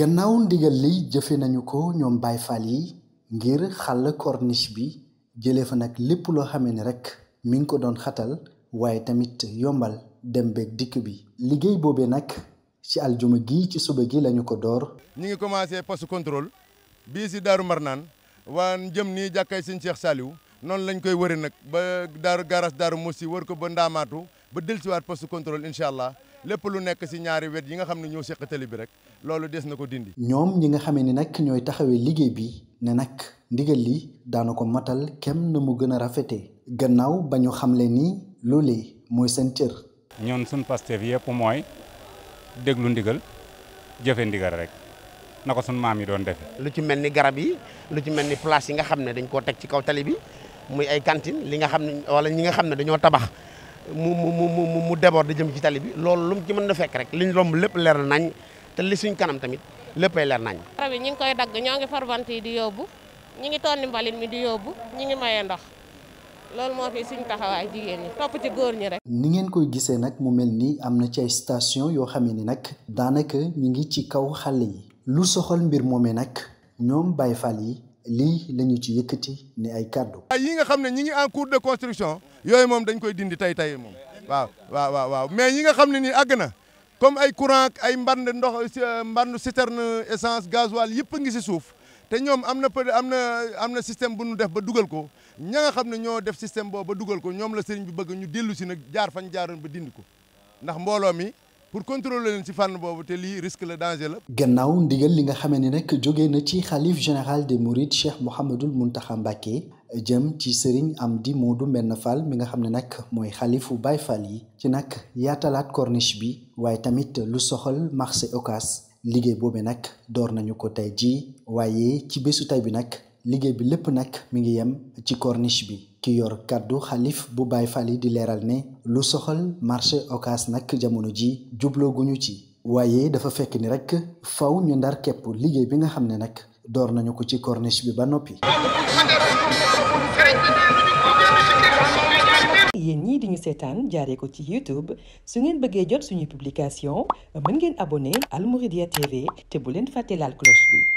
gannaaw ndigal li jëfe nañu ko ñoom Baay Faal yi ngir xàll corniche bi jële fa nag lépp loo xame ni rekk mi ngi ko doon xatal waaye tamit yombal dem beeg dikk bi liggéey boobee nag ci aljuma gi ci suba gi lañu ko door ñu ngi commencé poste contrôle bii si Daaru Marnaan waa jëm nii jàkkay sëñ Cheikh Saliou noonu lañ koy wëri nag ba daaru garas daaru Moussi wër ko ba ndaamaatu ba dellusiwaat poste contrôle incha allah lépp lu nekk si ñaari wet yi nga xam ne ñoo seq tali bi rek loolu des na ko dindi. ñoom ñi nga xam ni nag ñooy taxawee liggéey bi ne nag ndigal li daana ko matal kem na mu gën a rafete gannaaw ba ñu xamle ni loolee mooy seen cër. ñoon suñ Pastef yëpp mooy déglu ndigal jëfe ndigal rek. na ko sunu maam yi doon defe lu ci mel ni garab yi lu ci mel ni place yi nga xam ne dañ koo teg ci kaw tali bi muy ay cantine li xam ne wala ñi nga xam ne dañoo tabax mu mu mu mu di jëm ci tali bi loolu lu mu ci mën na fekk rek liñ romb lépp leer nañ te li suñ kanam tamit léppay leer nañ. garab yi ñu ngi koy dagg ñoo ngi farbant yi di yóbbu ñu ngi tonni mbalit mi di yóbbu ñu ngi maye ndox loolu moo fi suñ taxawaay jigéen ñi topp ci góor ñi rek. ni ngeen koy gisee nag mu mel ni am na ci ay yoo xam ni nag daanaka ñu ngi ci kaw xale yi lu soxal mbir moomee nag ñoom bay Fall yi. lii la ñu ci yëkkati ne ay kàddu. yi nga xam ne ñi ngi en cours de construction yooyu moom dañ koy dindi tey tey moom waaw waaw waaw mais yi nga xam ne nii àgg na comme ay courant ay mband ndox mbandu citerne essence gasoil yëpp a ngi si suuf te ñoom am na peut am na am na système bu nu def ba dugal ko ña xam ne ñoo def système boobu dugal ko ñoom la sëriñ bi bëgg ñu dellu si nag jaar fañ jaaroon ba dindi ko ndax mbooloo mi. pour contrôler leen ci fànn boobu te lii risque la danger la. gannaaw ndigal li nga xamee ne nak jóge na ci xalif général des Mourides Cheikh Mouhamadul Mountakha Mbacké jëm ci sëriñ moo du Mbenn Fall mi nga xam ne nag mooy xalifu Baye Fall yi ci nag yaatalaat corniche bi waaye tamit lu soxal marché Ocass liggéey boobu nag door nañu ko tey jii waaye ci bésu tey bi nag liggéey bi lépp nag mu ngi yem ci corniche bi. ki yor kàddu xalif bu Baay Faal di leeral ne lu soxal marché Ocass nag jamono ji jublooguñu ci waaye dafa fekk ni rek faw ñu ndar képp liggéey bi nga xam ne nag door nañu ko ci corniche bi ba noppi yéen ñii di ñu seetaan jaaree ko ci YouTube su ngeen bëggee jot suñuy publication mën ngeen abonné Al Mouridiyyah TV te bu leen fàtte laal cloche bi